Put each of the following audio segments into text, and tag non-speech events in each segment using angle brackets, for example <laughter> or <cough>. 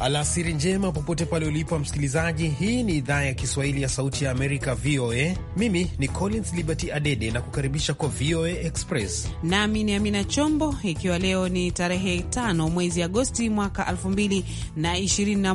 Alasiri njema popote pale ulipo msikilizaji, hii ni idhaa ya Kiswahili ya Sauti ya Amerika, VOA. Mimi ni Collins Liberty Adede na kukaribisha kwa VOA Express nami ni Amina Chombo, ikiwa leo ni tarehe tano mwezi Agosti mwaka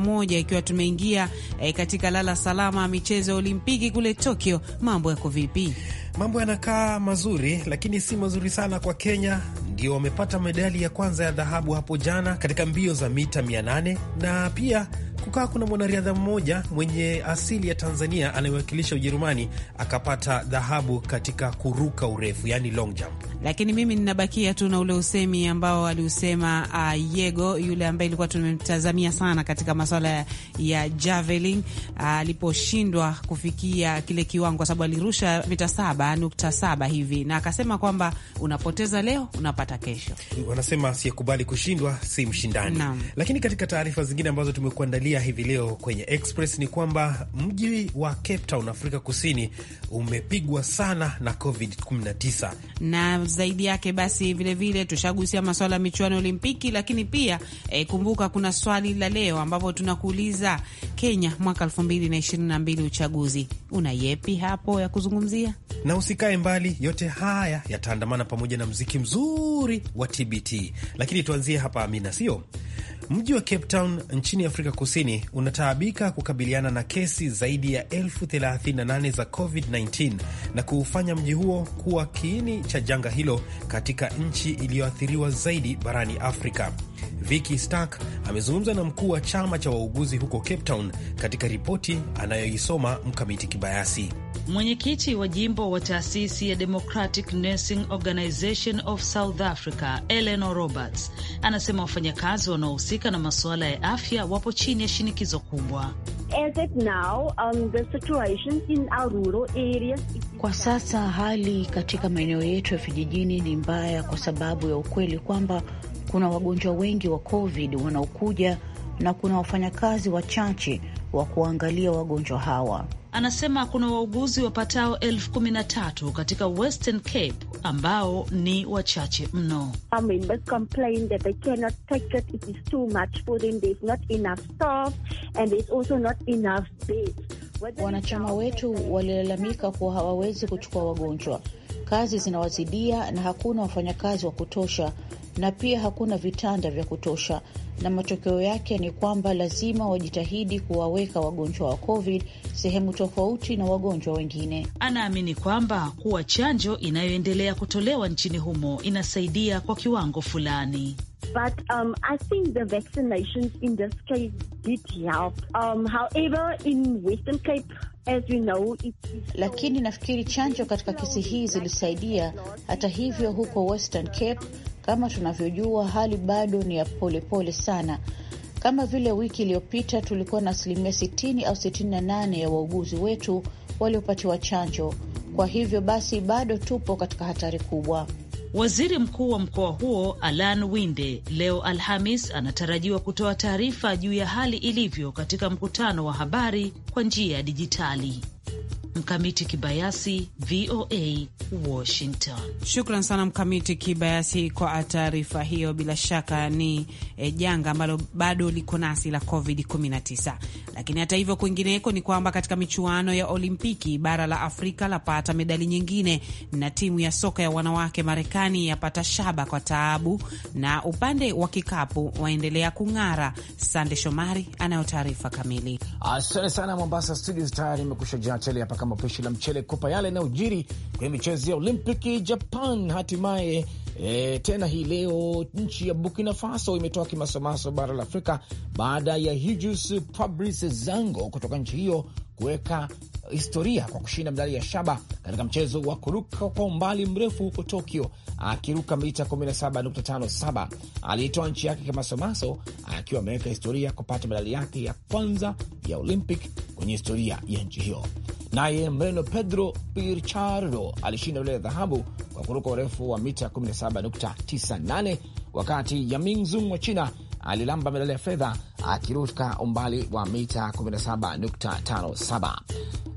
moja ikiwa tumeingia e, katika lala salama michezo ya Olimpiki kule Tokyo. Mambo yako vipi? Mambo yanakaa mazuri, lakini si mazuri sana kwa Kenya ndio wamepata medali ya kwanza ya dhahabu hapo jana katika mbio za mita 800 na pia kukaa kuna mwanariadha mmoja mwenye asili ya Tanzania anayewakilisha Ujerumani akapata dhahabu katika kuruka urefu, yani long jump. Lakini mimi ninabakia tu na ule usemi ambao aliusema uh, Yego yule ambaye ilikuwa tumemtazamia sana katika maswala ya javelin ah, aliposhindwa uh, kufikia kile kiwango, kwa sababu alirusha mita saba nukta saba hivi, na akasema kwamba unapoteza leo unapata kesho. Wanasema asiyekubali kushindwa si mshindani. Lakini katika taarifa zingine ambazo tumekuandalia kuangazia hivi leo kwenye Express ni kwamba mji wa Cape Town, Afrika Kusini, umepigwa sana na COVID-19 na zaidi yake basi, vilevile tushagusia maswala ya michuano ya Olimpiki, lakini pia e, kumbuka kuna swali la leo ambapo tunakuuliza Kenya mwaka 2022 uchaguzi una yepi hapo ya kuzungumzia, na usikae mbali, yote haya yataandamana pamoja na mziki mzuri wa TBT, lakini tuanzie hapa, Amina, sio Mji wa Cape Town nchini Afrika Kusini unataabika kukabiliana na kesi zaidi ya elfu 38 za COVID-19 na kuufanya mji huo kuwa kiini cha janga hilo katika nchi iliyoathiriwa zaidi barani Afrika. Vicky Stark amezungumza na mkuu wa chama cha wauguzi huko Cape Town katika ripoti anayoisoma Mkamiti Kibayasi. Mwenyekiti wa jimbo wa taasisi ya Democratic Nursing Organization of South Africa, Eleanor Roberts, anasema wafanyakazi wanaohusika na masuala ya afya wapo chini ya shinikizo kubwa. Um, kwa sasa hali katika maeneo yetu ya vijijini ni mbaya kwa sababu ya ukweli kwamba kuna wagonjwa wengi wa COVID wanaokuja na kuna wafanyakazi wachache wa kuwaangalia wagonjwa hawa. Anasema kuna wauguzi wapatao elfu kumi na tatu katika Western Cape ambao ni wachache mno. Wanachama wetu walilalamika kuwa hawawezi kuchukua wagonjwa, kazi zinawazidia na hakuna wafanyakazi wa kutosha na pia hakuna vitanda vya kutosha, na matokeo yake ni kwamba lazima wajitahidi kuwaweka wagonjwa wa COVID sehemu tofauti na wagonjwa wengine. Anaamini kwamba kuwa chanjo inayoendelea kutolewa nchini humo inasaidia kwa kiwango fulani. But, um, I think the vaccinations in this case did help. Um, however, in Western Cape, as we know, it is... Lakini nafikiri chanjo katika kesi hii zilisaidia. Hata hivyo, huko Western Cape kama tunavyojua, hali bado ni ya polepole pole sana. Kama vile wiki iliyopita tulikuwa na asilimia 60 au 68 ya wauguzi wetu waliopatiwa chanjo. Kwa hivyo basi, bado tupo katika hatari kubwa. Waziri mkuu wa mkoa huo Alan Winde leo Alhamis anatarajiwa kutoa taarifa juu ya hali ilivyo katika mkutano wa habari kwa njia ya dijitali. Mkamiti Kibayasi, VOA Washington. Shukran sana Mkamiti Kibayasi kwa taarifa hiyo. Bila shaka ni e, janga ambalo bado liko nasi la COVID-19, lakini hata hivyo kwingineko ni kwamba katika michuano ya Olimpiki bara la Afrika lapata medali nyingine, na timu ya soka ya wanawake Marekani yapata shaba kwa taabu, na upande wa kikapu waendelea kung'ara. Sande Shomari anayo taarifa kamili. Asante sana Mombasa studios, tayari imekusha jaa tele hapa kama pishi la mchele kupa yale yanayojiri kwenye michezo ya Olimpiki Japan. Hatimaye e, tena hii leo nchi ya Burkina Faso imetoa kimasomaso bara la Afrika baada ya Hijus Fabrice Zango kutoka nchi hiyo kuweka historia kwa kushinda medali ya shaba katika mchezo wa kuruka kwa umbali mrefu huko Tokyo, akiruka mita 17.57. Aliitoa nchi yake kimasomaso akiwa ameweka historia kupata medali yake ya kwanza ya Olympic kwenye historia ya nchi hiyo. Naye Mreno Pedro pirchardo alishinda ule dhahabu kwa kuruka urefu wa mita 17.98 wakati yaming Zung wa China alilamba medali ya fedha akiruka umbali wa mita 17.57.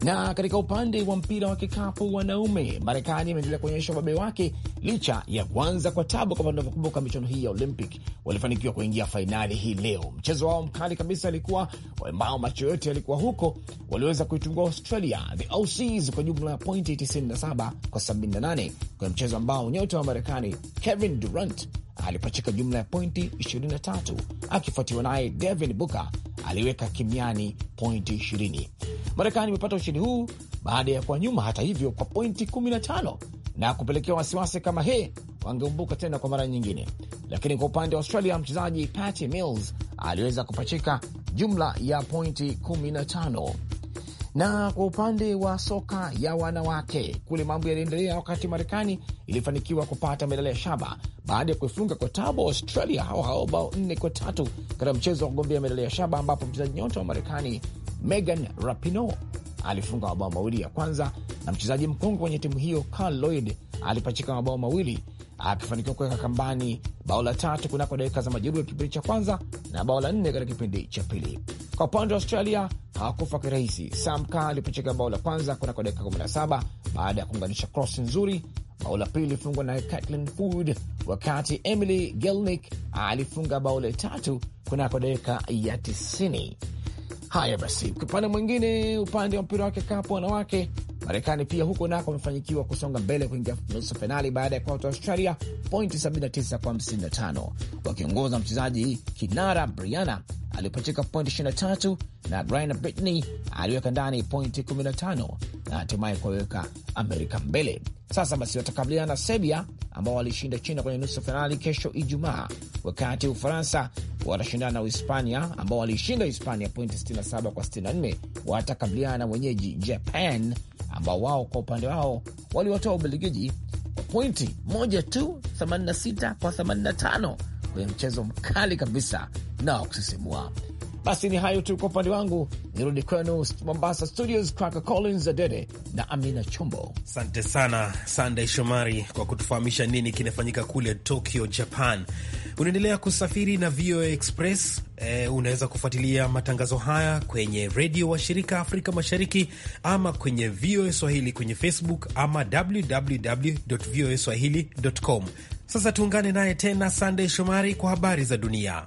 Na katika upande wa mpira wa kikapu wanaume, Marekani imeendelea kuonyesha ubabe wake licha ya kuanza kwa tabu. Kama tunavyokumbuka michuano hii ya Olympic, walifanikiwa kuingia fainali hii leo. Mchezo wao mkali kabisa alikuwa ambao macho yote yalikuwa huko, waliweza kuitungua Australia the Aussies kwa jumla ya pointi 97 kwa 78 kwenye mchezo ambao nyota wa Marekani Kevin Durant alipachika jumla ya pointi 23 akifuatiwa naye Devin Booker aliweka kimiani pointi 20. Marekani imepata ushindi huu baada ya kwa nyuma hata hivyo kwa pointi 15 na kupelekea wasiwasi kama he wangeumbuka tena kwa mara nyingine, lakini kwa upande wa Australia mchezaji Patty Mills aliweza kupachika jumla ya pointi 15. Na kwa upande wa soka ya wanawake kule mambo yaliendelea, wakati Marekani ilifanikiwa kupata medali ya shaba baada ya kuifunga kwa tabu Australia hao hao bao nne kwa tatu katika mchezo wa kugombea medali ya shaba, ambapo mchezaji nyota wa Marekani Megan Rapinoe alifunga mabao mawili ya kwanza na mchezaji mkongwe kwenye timu hiyo Carl Lloyd alipachika mabao mawili akifanikiwa kuweka kambani bao la tatu kunako dakika za majeruhi ya kipindi cha kwanza na bao la nne katika kipindi cha pili. Kwa upande wa Australia hawakufa kirahisi. Sam Kerr alipachika bao la kwanza kunako dakika 17 baada ya kuunganisha cross nzuri bao la pili lilifungwa na Catlin Food, wakati Emily Gelnick alifunga bao la tatu kunako dakika ya 90. Haya basi, upande mwingine, upande wa mpira wa kikapu wanawake Marekani pia huko nako wamefanikiwa kusonga mbele kuingia nusu fainali baada ya kuwata Australia pointi 79 kwa 55, wakiongoza mchezaji kinara Briana alipachika pointi 23 na Brian Britney aliweka ndani pointi 15 na hatimaye kuwaweka Amerika mbele. Sasa basi watakabiliana na Serbia ambao walishinda China kwenye nusu fainali kesho Ijumaa, wakati Ufaransa watashindana na Uhispania ambao walishinda Hispania pointi 67 kwa 64. Watakabiliana na wenyeji Japan ambao wao kwa upande wao waliwatoa Ubelgiji kwa pointi moja tu 86 kwa 85 kwenye mchezo mkali kabisa na wa kusisimua. Basi ni hayo tu kwa upande wangu, nirudi kwenu Mombasa studios, Cracker Collins Adede na Amina Chombo. Asante sana Sandey Shomari kwa kutufahamisha nini kinafanyika kule Tokyo, Japan. Unaendelea kusafiri na VOA Express. E, unaweza kufuatilia matangazo haya kwenye redio wa shirika Afrika Mashariki ama kwenye VOA Swahili kwenye Facebook ama www.voaswahili.com. Sasa tuungane naye tena Sandey Shomari kwa habari za dunia.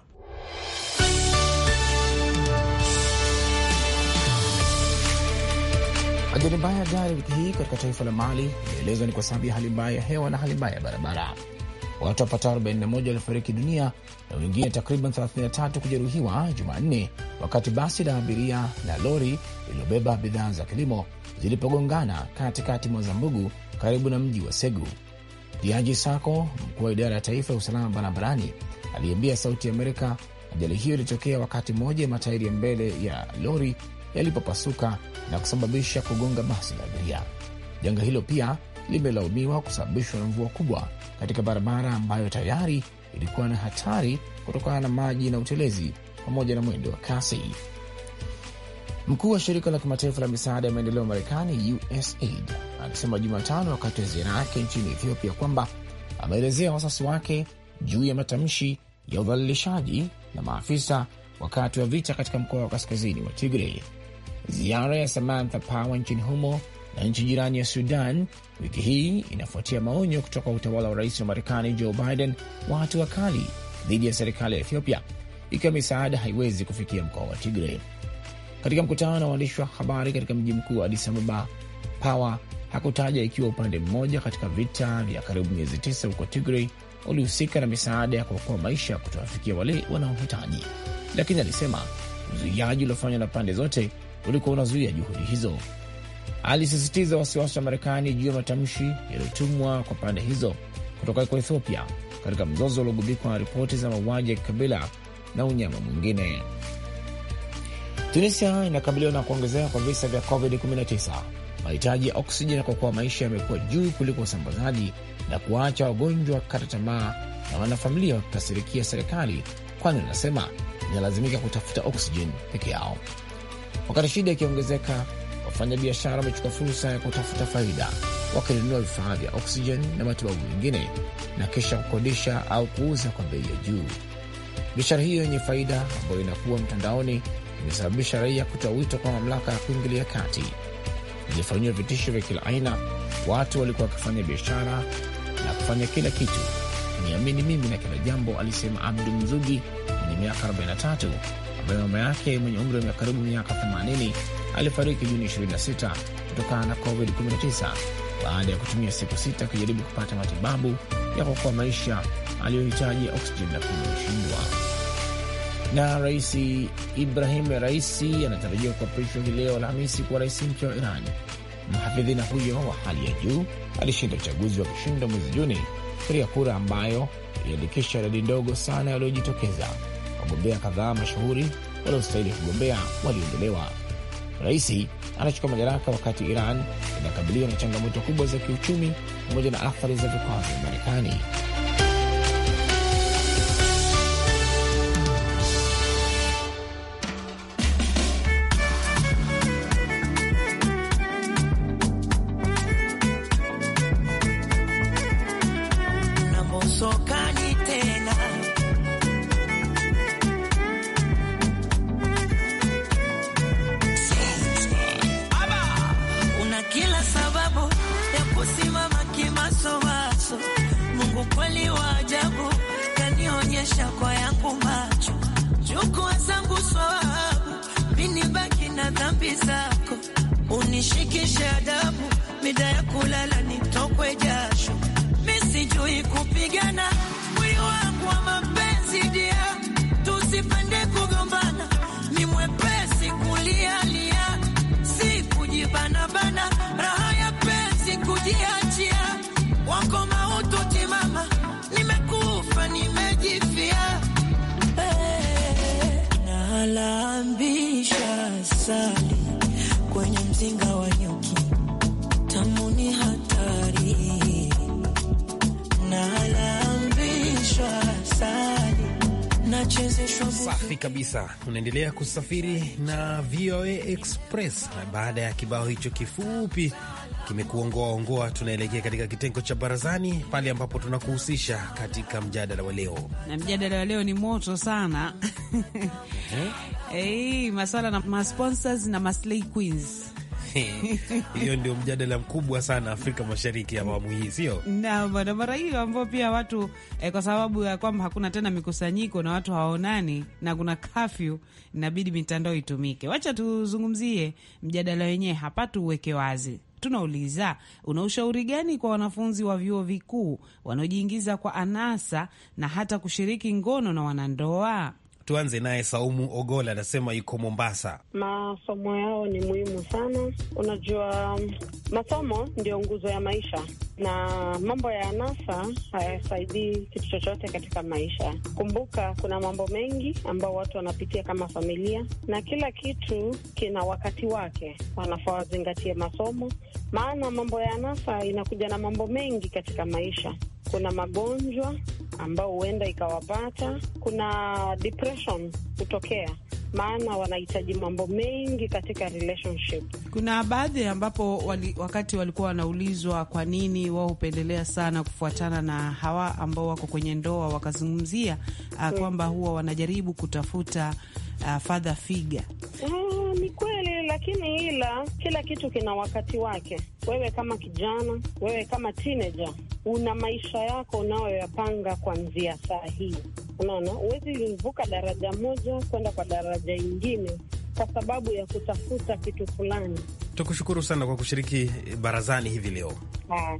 Ajali mbaya ya gari wiki hii katika taifa la Mali inaelezwa ni kwa sababu ya hali mbaya ya hewa na hali mbaya ya barabara. Watu wapatao 41 walifariki dunia na wengine takriban 33 kujeruhiwa Jumanne wakati basi la abiria na lori lililobeba bidhaa za kilimo zilipogongana katikati mwa Zambugu karibu na mji wa Segu. Diaji Sako, mkuu wa idara ya taifa ya usalama barabarani, aliambia Sauti ya Amerika ajali hiyo ilitokea wakati moja ya matairi ya mbele ya lori yalipopasuka na kusababisha kugonga basi la abiria. Janga hilo pia limelaumiwa kusababishwa na mvua kubwa katika barabara ambayo tayari ilikuwa na hatari kutokana na maji na utelezi pamoja na mwendo wa kasi. Mkuu wa shirika la kimataifa la misaada ya maendeleo Marekani, USAID, alisema Jumatano wakati wa ziara yake nchini Ethiopia kwamba ameelezea wasiwasi wake juu ya matamshi ya udhalilishaji na maafisa wakati wa vita katika mkoa wa kaskazini wa Tigray. Ziara ya Samantha Power nchini humo na nchi jirani ya Sudan wiki hii inafuatia maonyo kutoka utawala wa rais wa Marekani Joe Biden wa hatua kali dhidi ya serikali ya Ethiopia ikiwa misaada haiwezi kufikia mkoa wa Tigray. Katika mkutano na waandishi wa habari katika mji mkuu wa Addis Ababa, Power hakutaja ikiwa upande mmoja katika vita vya karibu miezi tisa huko Tigray ulihusika na misaada ya kuokoa maisha kutowafikia wale wanaohitaji, lakini alisema uzuiaji uliofanywa na pande zote ulikuwa unazuia juhudi hizo. Alisisitiza wasiwasi wa Marekani juu ya matamshi yaliyotumwa kwa pande hizo kutoka kwa Ethiopia katika mzozo uliogubikwa na ripoti za mauaji ya kikabila na unyama mwingine. Tunisia inakabiliwa na kuongezeka kwa visa vya COVID-19, mahitaji ya oksijeni kwa kuwa maisha yamekuwa juu kuliko usambazaji na kuwaacha wagonjwa kata tamaa na wanafamilia wakikasirikia serikali, kwani wanasema inalazimika kutafuta oksijeni peke yao. Wakati shida ikiongezeka, wafanyabiashara wamechukua fursa ya kutafuta faida, wakinunua vifaa vya oksijeni na matibabu mengine, na kisha kukodisha au kuuza kwa bei ya juu. Biashara hiyo yenye faida ambayo inakuwa mtandaoni imesababisha raia kutoa wito kwa mamlaka ya kuingilia kati. Ilifanyiwa vitisho vya kila aina, watu walikuwa wakifanya biashara na kufanya kila kitu. Niamini mimi na kila jambo, alisema Abdu Mzugi mwenye miaka 43 ambaye mama yake mwenye umri wa karibu miaka 80 alifariki Juni 26 kutokana na COVID-19 baada ya kutumia siku sita akijaribu kupata matibabu ya kuokoa maisha aliyohitaji oksijeni na kushindwa. Na Rais Ibrahim Raisi anatarajiwa kuapishwa hii leo Alhamisi kuwa rais mpya wa Iran. Mhafidhina huyo wa hali ya juu alishinda uchaguzi wa kushinda mwezi Juni katika kura ambayo iliandikisha idadi ndogo sana yaliyojitokeza wagombea kadhaa mashuhuri waliostahili kugombea waliondolewa. Raisi anachukua madaraka wakati Iran inakabiliwa na changamoto kubwa za kiuchumi pamoja na athari za vikwazo vya Marekani. kuonyesha kwa yangu macho, chukua zangu swawabu, mini baki na dhambi zako, unishikishe adabu, mida ya kulala nitokwe jasho, misijui kupigana, mwili wangu wa mapenzi dia, tusipende kugombana, ni mwepe asali kwenye mzinga wa nyuki, hatari. asali nachezeshwa. Safi kabisa, unaendelea kusafiri na VOA Express, na baada ya kibao hicho kifupi kimekuongoaongoa. Tunaelekea katika kitengo cha barazani, pale ambapo tunakuhusisha katika mjadala wa leo, na mjadala wa leo ni moto sana <laughs> eh? Hey, maswala na masponsors na maslay queens <laughs> hiyo ndio mjadala mkubwa sana Afrika Mashariki awamu hii, sio barabara hiyo, ambao pia watu eh, kwa sababu ya kwamba hakuna tena mikusanyiko na watu hawaonani na kuna kafyu, inabidi mitandao itumike. Wacha tuzungumzie mjadala wenyewe hapa, uweke wazi. Tunauliza, una ushauri gani kwa wanafunzi wa vyuo vikuu wanaojiingiza kwa anasa na hata kushiriki ngono na wanandoa? Tuanze naye Saumu Ogola, anasema yuko Mombasa. Masomo yao ni muhimu sana. Unajua, masomo ndio nguzo ya maisha, na mambo ya anasa hayasaidii kitu chochote katika maisha. Kumbuka kuna mambo mengi ambao watu wanapitia kama familia, na kila kitu kina wakati wake. Wanafaa wazingatie masomo, maana mambo ya anasa inakuja na mambo mengi katika maisha. Kuna magonjwa ambao huenda ikawapata. Kuna depression kutokea maana wanahitaji mambo mengi katika relationship. Kuna baadhi ambapo wali, wakati walikuwa wanaulizwa kwa nini wao hupendelea sana kufuatana na hawa ambao wako kwenye ndoa, wakazungumzia uh, kwamba huwa wanajaribu kutafuta uh, father figure ah, lakini ila kila kitu kina wakati wake. Wewe kama kijana, wewe kama teenager, una maisha yako unayoyapanga kuanzia saa hii. Unaona, huwezi vuka daraja moja kwenda kwa daraja ingine kwa sababu ya kutafuta kitu fulani. Tukushukuru sana kwa kushiriki barazani hivi leo. Ah,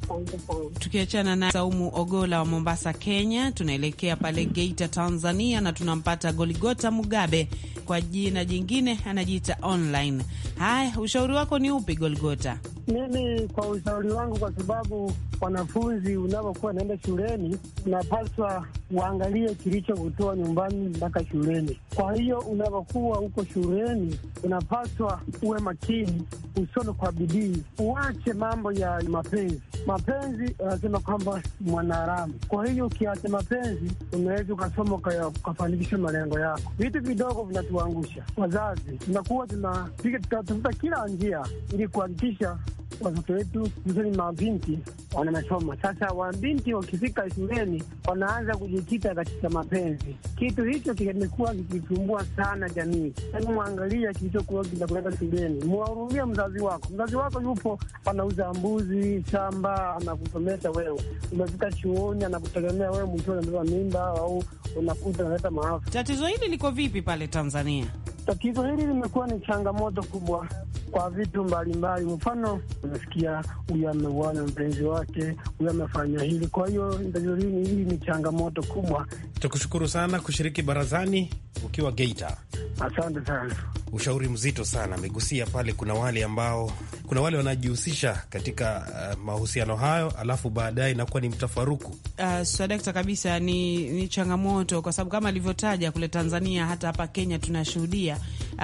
Tukiachana na Saumu Ogola wa Mombasa, Kenya, tunaelekea pale Geita, Tanzania, na tunampata Goligota Mugabe, kwa jina jingine anajiita Online. Haya, ushauri wako ni upi Goligota? Mimi kwa ushauri wangu, kwa sababu wanafunzi unavokuwa naenda shuleni, unapaswa uangalie kilichokutoa nyumbani mpaka shuleni. Kwa hiyo unavokuwa huko shuleni, unapaswa uwe makini, usome kwa bidii, uache mambo ya mapenzi. Mapenzi anasema kwamba mwanaharamu. Kwa hiyo ukiacha mapenzi, unaweza ukasoma ukafanikisha malengo yako. Vitu vidogo vinatuangusha. Wazazi tunakuwa tunapiga, tunatafuta kila njia ili kuhakikisha watoto wetu ni mabinti wanamesoma sasa. Wabinti wakifika shuleni wanaanza kujikita katika mapenzi. Kitu hicho kimekuwa kikisumbua sana jamii. Hebu mwangalia kilichokuwa kinakuleta shuleni, mwahurumia mzazi wako. Mzazi wako yupo anauza mbuzi shamba, anakusomesha wewe, umefika chuoni anakutegemea wewe, mwishoni unabeba mimba au unakuta unaleta maafa. Tatizo hili liko vipi pale Tanzania? Tatizo hili limekuwa ni changamoto kubwa kwa vitu mbalimbali. Mfano, unasikia huyu ameuana na mpenzi wake, huyu amefanya hili. Kwa hiyo tatizo hili hili ni changamoto kubwa. Tukushukuru sana kushiriki barazani ukiwa Geita. Asante sana, ushauri mzito sana amegusia pale. Kuna wale ambao kuna wale wanajihusisha katika uh, mahusiano hayo, alafu baadaye inakuwa ni mtafaruku. Uh, ah, sadakta kabisa, ni, ni changamoto kwa sababu kama alivyotaja kule Tanzania, hata hapa Kenya tunashuhudia.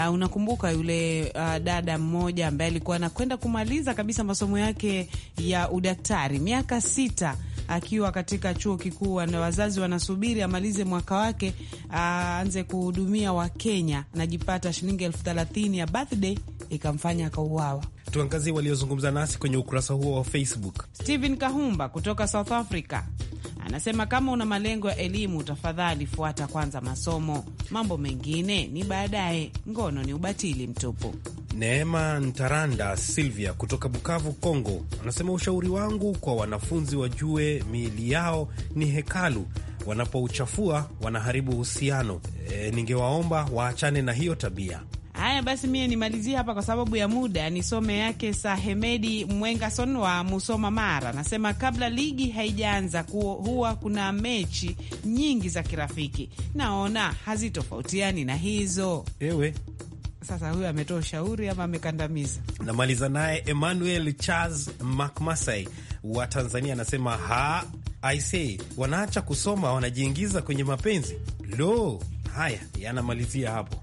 Uh, unakumbuka yule uh, dada mmoja ambaye alikuwa anakwenda kumaliza kabisa masomo yake ya udaktari miaka sita akiwa katika chuo kikuu na wazazi wanasubiri amalize mwaka wake aanze kuhudumia Wakenya, anajipata shilingi elfu thelathini ya birthday ikamfanya akauawa. Tuangazie waliozungumza nasi kwenye ukurasa huo wa Facebook. Stephen Kahumba kutoka South Africa anasema kama una malengo ya elimu, tafadhali fuata kwanza masomo, mambo mengine ni baadaye. Ngono ni ubatili mtupu. Neema Ntaranda Silvia kutoka Bukavu, Kongo, anasema ushauri wangu kwa wanafunzi wajue miili yao ni hekalu, wanapouchafua wanaharibu uhusiano. E, ningewaomba waachane na hiyo tabia. Haya basi, mie nimalizie hapa kwa sababu ya muda, nisome yake Sahemedi Mwengason wa Musoma, Mara. Nasema kabla ligi haijaanza huwa kuna mechi nyingi za kirafiki, naona hazitofautiani na hizo. Ewe sasa, huyo ametoa ushauri ama amekandamiza? Namaliza naye Emmanuel Charles Macmasai wa Tanzania, anasema ha aisee, wanaacha kusoma wanajiingiza kwenye mapenzi. Lo, haya yanamalizia hapo.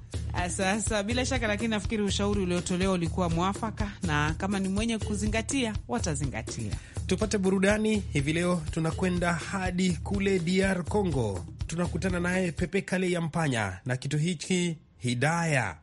Sasa bila shaka, lakini nafikiri ushauri uliotolewa ulikuwa mwafaka, na kama ni mwenye kuzingatia watazingatia. Tupate burudani hivi leo, tunakwenda hadi kule DR Congo, tunakutana naye Pepe Kale ya Mpanya na kitu hiki Hidaya.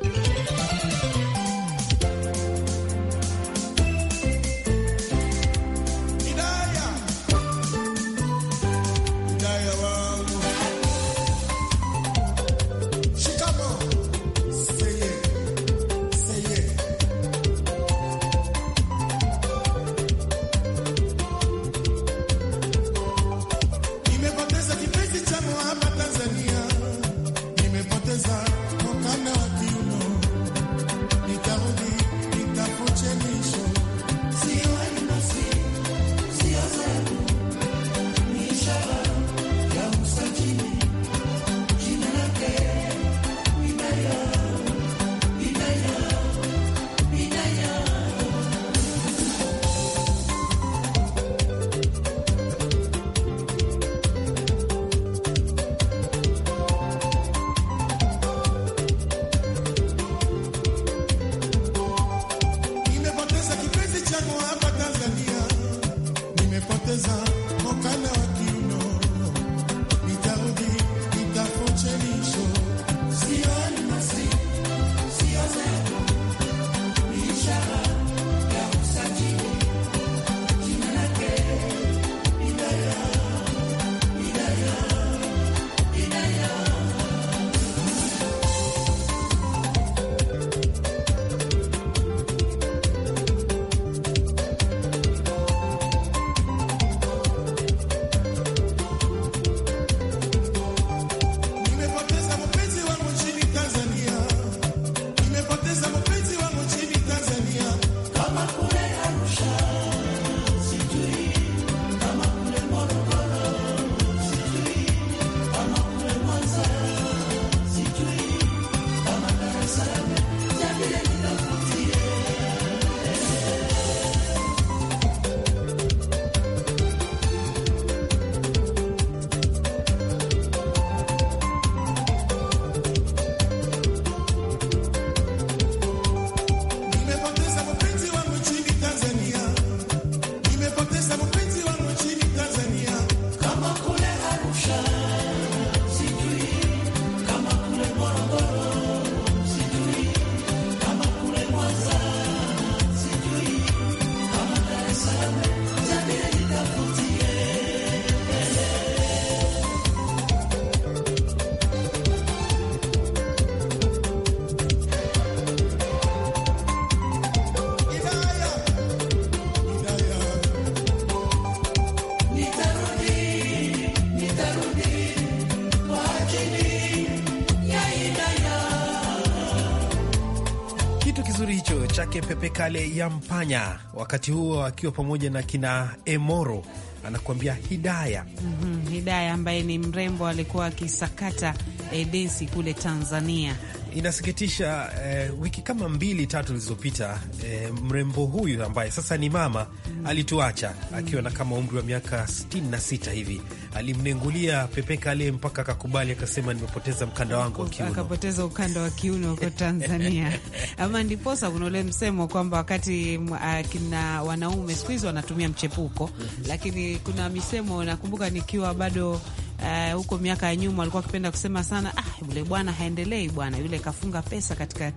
Kale ya Mpanya, wakati huo akiwa pamoja na kina Emoro anakuambia Hidaya. mm -hmm, Hidaya ambaye ni mrembo alikuwa akisakata edesi eh, densi kule Tanzania. Inasikitisha eh, wiki kama mbili tatu zilizopita eh, mrembo huyu ambaye sasa ni mama Mm. alituacha akiwa na mm. kama umri wa miaka 66 hivi. Alimnengulia pepeka aliye mpaka akakubali, akasema nimepoteza mkanda wangu wa kiuno, akapoteza ukanda wa kiuno huko <laughs> Tanzania. Ama ndiposa kuna ule msemo kwamba wakati uh, kina wanaume siku hizi wanatumia mchepuko, mm-hmm. lakini kuna misemo nakumbuka nikiwa bado Uh, huko miaka ya nyuma walikuwa wakipenda kusema sana, ah, yule bwana haendelei bwana, yule kafunga pesa katika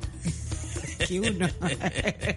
kiuno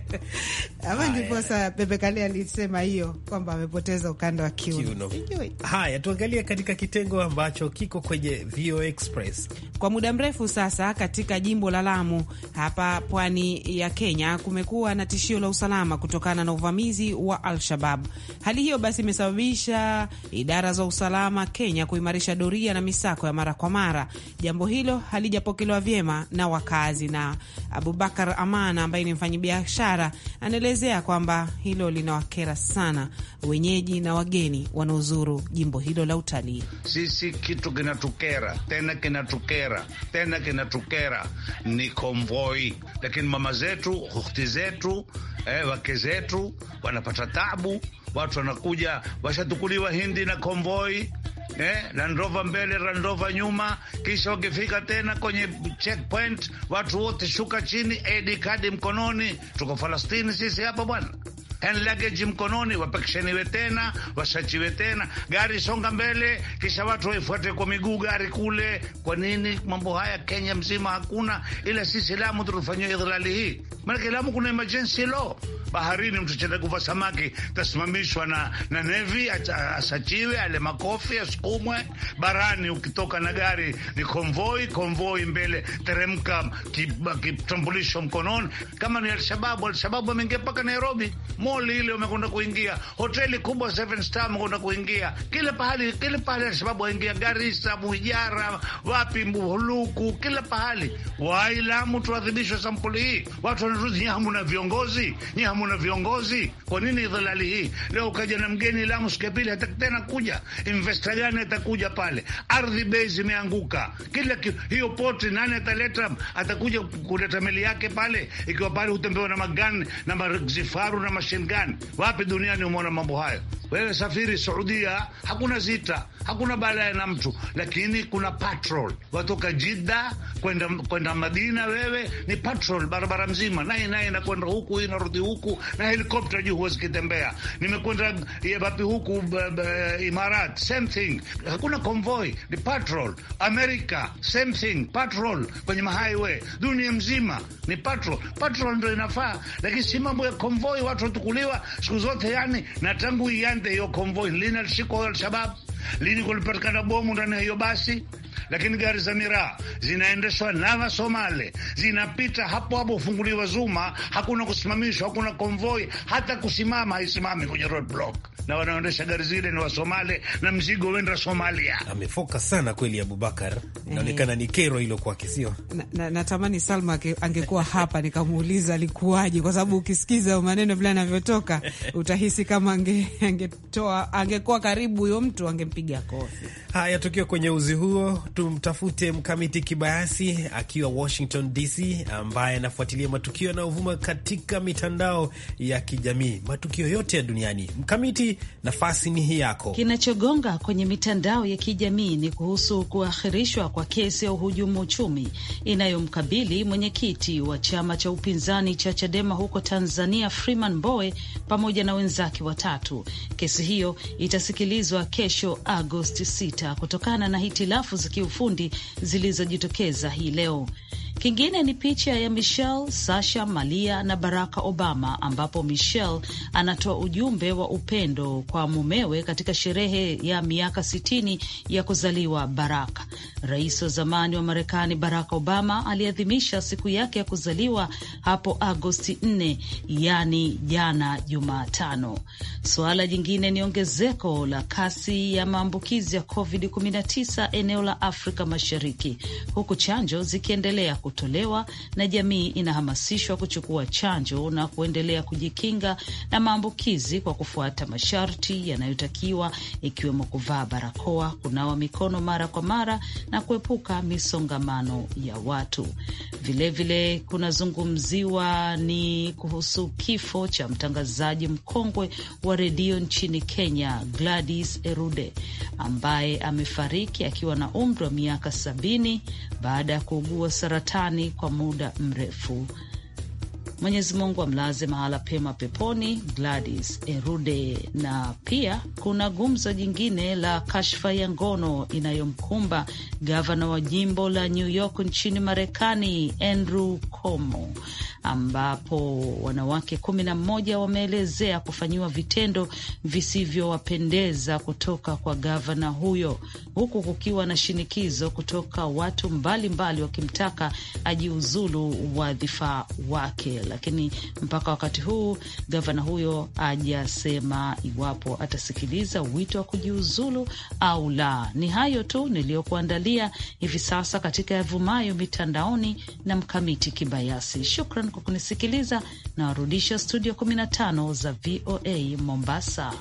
<laughs> ama ndiposa Bebe Kale alisema hiyo kwamba amepoteza ukanda wa kiuno. kiuno. Haya, tuangalie katika kitengo ambacho kiko kwenye VOA Express kwa muda mrefu sasa. Katika jimbo la Lamu hapa pwani ya Kenya kumekuwa na tishio la usalama kutokana na uvamizi wa Al-Shabab. Hali hiyo basi imesababisha idara za usalama Kenya kuimarisha doria na misako ya mara kwa mara. Jambo hilo halijapokelewa vyema na wakazi na Abubakar Ama Kamana ambaye ni mfanyabiashara anaelezea kwamba hilo linawakera sana wenyeji na wageni wanaozuru jimbo hilo la utalii. Sisi kitu kinatukera tena kinatukera tena kinatukera ni konvoi, lakini mama zetu, ukhti zetu, eh, wake zetu wanapata tabu. Watu wanakuja washatukuliwa hindi na konvoi eh, Land Rover mbele, Land Rover nyuma, kisha wakifika tena kwenye checkpoint, watu wote shuka chini, edi kadi mkononi. Tuko Falastini sisi hapa bwana yani luggage mkononi, wapakishaniwe tena, wasachiwe tena, gari songa mbele, kisha watu waifuate kwa miguu gari kule. Kwa nini mambo haya Kenya mzima hakuna? Ila sisi Lamu tunafanyia idhlali hii, maanake Lamu kuna emergency law baharini mtu chenda kuva samaki tasimamishwa na, na nevi asachiwe, ale makofi asukumwe. Barani ukitoka na gari ni konvoi, konvoi mbele, teremka, kitambulisho mkononi. Kama ni Alshababu, Alshababu ameingia mpaka Nairobi moli ile umekwenda kuingia, hoteli kubwa seven star umekwenda kuingia, kila pahali, kila pahali Alshababu waingia Garisa, Mujara, wapi, Mbuluku, kila pahali. Waislamu tuadhibishwe sampuli hii. Watu wanarudi, nyi hamuna viongozi, nyi hamuna viongozi. Kwa nini dhalali hii? Leo ukaja na mgeni Lamu siku ya pili hata tena kuja. Investor gani atakuja pale? Ardhi bei zimeanguka kila hiyo poti nani ataleta? Atakuja kuleta meli yake pale, ikiwa pale hutembewa na magani na marzifaru na mash nation gani? Wapi duniani umeona mambo hayo? Wewe safiri Saudia, hakuna zita, hakuna baadaye na mtu, lakini kuna patrol watoka Jidda kwenda kwenda Madina. Wewe ni patrol barabara mzima, naye naye nakwenda huku, inarudi huku, na helikopta juu huwa zikitembea. Nimekwenda yebapi huku, Imarat, same thing, hakuna konvoi, ni patrol. Amerika same thing, patrol kwenye mahighway. Dunia mzima ni patrol. Patrol ndo inafaa, lakini si mambo ya convoy, watu kuliwa siku zote yani, na tangu ianze hiyo konvoi linashikwa Al-Shabab lini kulipatikana bomu ndani ya hiyo basi lakini gari za miraa zinaendeshwa na Wasomali, zinapita hapo hapo, ufunguliwa Zuma, hakuna kusimamishwa, hakuna konvoi, hata kusimama haisimami kwenye na wanaoendesha gari zile ni Wasomali na mzigo wenda Somalia. Amefoka sana kweli Abubakar, inaonekana ni kero hilo kwake, sio? Natamani na, na Salma angekuwa hapa nikamuuliza alikuwaje, kwa sababu ukisikiza maneno vile anavyotoka <laughs> utahisi kama angetoa ange angekuwa karibu huyo mtu angempiga kofi. Haya, tukiwa kwenye uzi huo tumtafute Mkamiti Kibayasi akiwa Washington DC, ambaye anafuatilia matukio yanayovuma katika mitandao ya kijamii, matukio yote ya duniani. Mkamiti, nafasi ni hii yako. Kinachogonga kwenye mitandao ya kijamii ni kuhusu kuahirishwa kwa kesi ya uhujumu uchumi inayomkabili mwenyekiti wa chama cha upinzani cha Chadema huko Tanzania, Freeman Mbowe pamoja na wenzake watatu. Kesi hiyo itasikilizwa kesho Agosti 6 kutokana na hitilafu zikiwa kiufundi zilizojitokeza hii leo. Kingine ni picha ya Michelle, Sasha, Malia na Barack Obama, ambapo Michelle anatoa ujumbe wa upendo kwa mumewe katika sherehe ya miaka sitini ya kuzaliwa Barack. Rais wa zamani wa Marekani Barack Obama aliadhimisha siku yake ya kuzaliwa hapo Agosti 4, yani jana Jumatano. Suala jingine ni ongezeko la kasi ya maambukizi ya COVID-19 eneo la Afrika Mashariki, huku chanjo zikiendelea kutolewa na jamii inahamasishwa kuchukua chanjo na kuendelea kujikinga na maambukizi kwa kufuata masharti yanayotakiwa ikiwemo kuvaa barakoa, kunawa mikono mara kwa mara na kuepuka misongamano ya watu. Vilevile kunazungumziwa ni kuhusu kifo cha mtangazaji mkongwe wa redio nchini Kenya Gladys Erude ambaye amefariki akiwa na umri wa miaka sabini baada ya kuugua saratani Marekani kwa muda mrefu. Mwenyezi Mungu amlaze mahala pema peponi Gladys Erude. Na pia kuna gumzo jingine la kashfa ya ngono inayomkumba gavana wa jimbo la New York nchini Marekani Andrew Cuomo, ambapo wanawake kumi na mmoja wameelezea kufanyiwa vitendo visivyowapendeza kutoka kwa gavana huyo, huku kukiwa na shinikizo kutoka watu mbalimbali mbali wakimtaka ajiuzulu wadhifa wake lakini mpaka wakati huu gavana huyo ajasema iwapo atasikiliza wito wa kujiuzulu au la. Ni hayo tu niliyokuandalia hivi sasa katika yavumayo mitandaoni na Mkamiti Kibayasi. Shukran kwa kunisikiliza, na warudisha studio 15 za VOA Mombasa.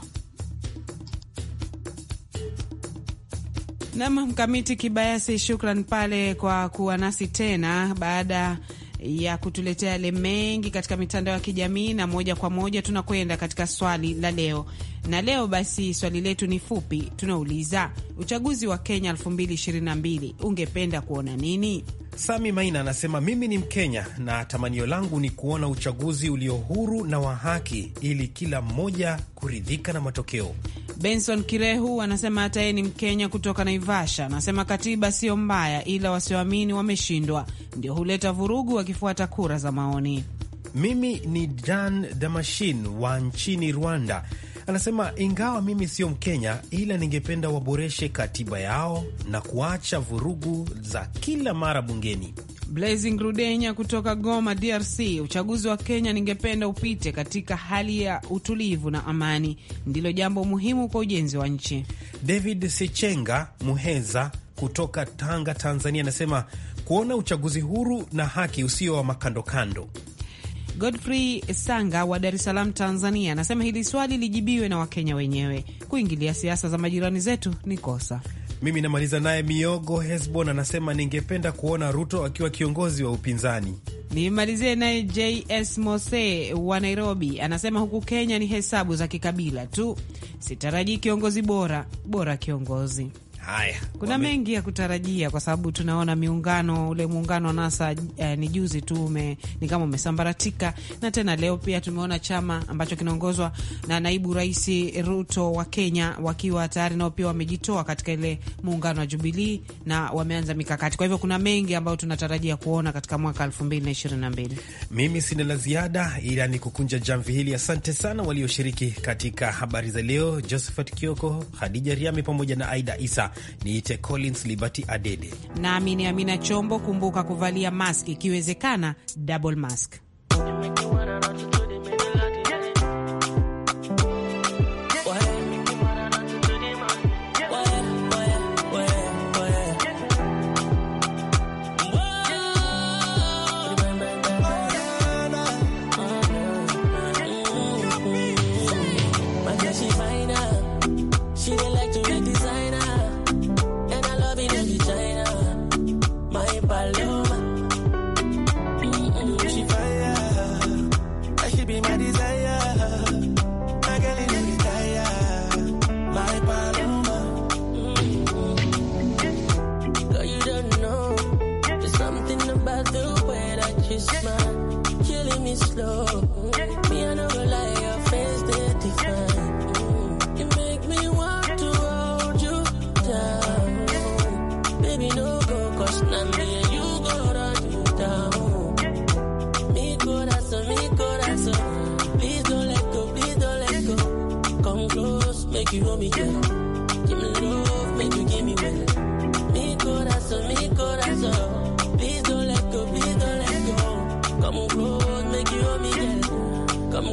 Nam Mkamiti Kibayasi, shukran pale kwa kuwa nasi tena baada ya kutuletea yale mengi katika mitandao ya kijamii, na moja kwa moja tunakwenda katika swali la leo. Na leo basi swali letu ni fupi, tunauliza uchaguzi wa Kenya 2022 ungependa kuona nini? Sami Maina anasema mimi ni Mkenya na tamanio langu ni kuona uchaguzi ulio huru na wa haki ili kila mmoja kuridhika na matokeo. Benson Kirehu anasema hata yeye ni Mkenya kutoka Naivasha, anasema katiba siyo mbaya, ila wasioamini wameshindwa, ndio huleta vurugu wakifuata kura za maoni. Mimi ni Dan Damashin wa nchini Rwanda Anasema ingawa mimi sio Mkenya, ila ningependa waboreshe katiba yao na kuacha vurugu za kila mara bungeni. Blazing Rudenya kutoka Goma, DRC. Uchaguzi wa Kenya ningependa upite katika hali ya utulivu na amani, ndilo jambo muhimu kwa ujenzi wa nchi. David Sechenga Muheza kutoka Tanga, Tanzania, anasema kuona uchaguzi huru na haki usio wa makandokando Godfrey Sanga wa Dar es Salaam, Tanzania, anasema hili swali lijibiwe na Wakenya wenyewe. Kuingilia siasa za majirani zetu ni kosa. Mimi namaliza naye Miogo Hesbon anasema ningependa kuona Ruto akiwa kiongozi wa upinzani. Nimalizie naye JS Mose wa Nairobi anasema huku Kenya ni hesabu za kikabila tu, sitarajii kiongozi bora, bora kiongozi Haya, kuna wame... mengi ya kutarajia kwa sababu tunaona miungano ule muungano wa NASA eh, ni juzi tu ume, ni kama umesambaratika, na tena leo pia tumeona chama ambacho kinaongozwa na naibu rais Ruto wa Kenya wakiwa tayari nao pia wamejitoa katika ile muungano wa Jubilii na wameanza mikakati. Kwa hivyo kuna mengi ambayo tunatarajia kuona katika mwaka 2022. Mimi sina la ziada ila ni kukunja jamvi hili. Asante sana walioshiriki katika habari za leo, Josephat Kioko, Hadija Riami pamoja na Aida Isa niite Collins Liberty Adede nami ni Amina Chombo. Kumbuka kuvalia mask, ikiwezekana double mask.